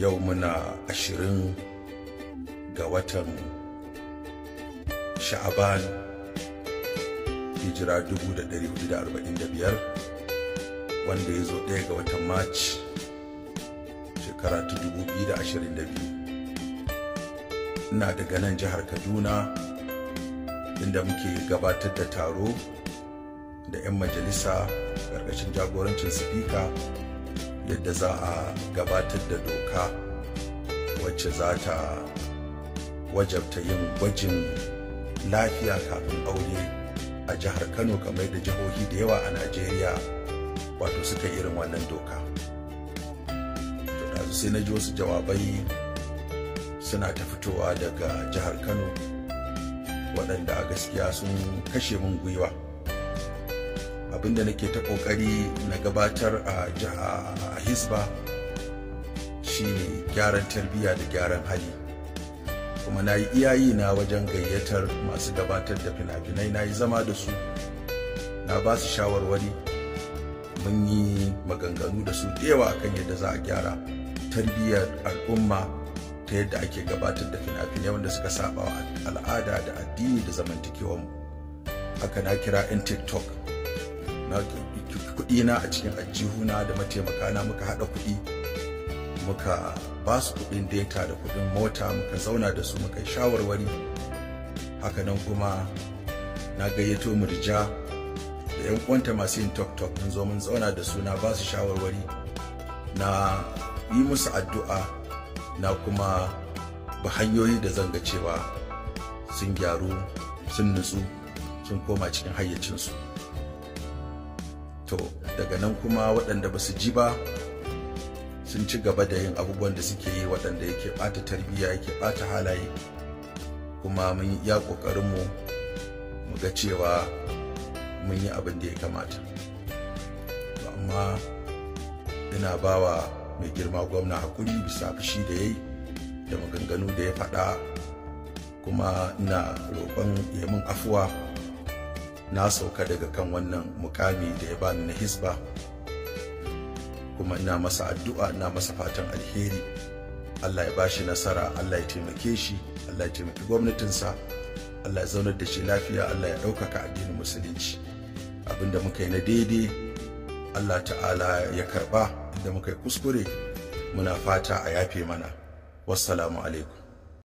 yau muna ashirin ga watan sha'aban hijira 1445 wanda ya zo ɗaya ga watan march shekara ta 2022 ina daga nan jihar kaduna inda muke gabatar da taro da 'yan majalisa ƙarƙashin jagorancin sifika yadda za a gabatar da doka wacce za ta wajabta yin gwajin lafiya kafin aure a jihar kano kamar da jihohi da yawa a najeriya wato suka yi irin wannan doka to da sai na ji wasu jawabai suna ta fitowa daga jihar kano waɗanda a gaskiya sun kashe min gwiwa. abinda nake ta kokari na gabatar a jiha a hisba shine gyaran tarbiyya da gyaran hali kuma na yi iyayi na wajen gayyatar masu gabatar da fina-finai na yi zama da su na ba su shawarwari mun yi maganganu da su yawa akan yadda za a gyara tarbiyyar al'umma ta yadda ake gabatar da fina-finai wanda suka saba al'ada da addini da zamantakewa mu haka na kira 'yan tiktok na kuɗi na a cikin ajihuna da mataimaka na muka haɗa kuɗi muka ba su kuɗin data da kuɗin mota muka zauna da su muka yi shawarwari nan kuma na gayyato murja da yan uwanta masu yin tok tok mun zo mun zauna da su na ba su shawarwari na yi musu addu'a na kuma ba hanyoyi da zanga cewa sun gyaru sun nutsu sun koma cikin hayyacinsu. to daga nan kuma waɗanda ba su ji ba sun ci gaba da yin abubuwan da suke yi waɗanda yake ɓata tarbiyya yake ɓata halaye kuma mun yi ƙoƙarinmu mu ga cewa mun yi abin da ya kamata amma ina bawa mai girma gwamna hakuri bisa fushi da ya yi da maganganu da ya faɗa kuma ina roƙon ya mun afuwa na sauka daga kan wannan mukami da ya bani na hisba kuma ina masa addu'a ina masa fatan alheri Allah ya bashi nasara Allah ya taimake shi Allah ya taimaki gwamnatinsa Allah ya zaunar da shi lafiya Allah ya ɗaukaka addinin musulunci abinda muka yi na daidai Allah ta'ala ya karba inda muka yi kuskure muna fata a yafe mana wassalamu alaikum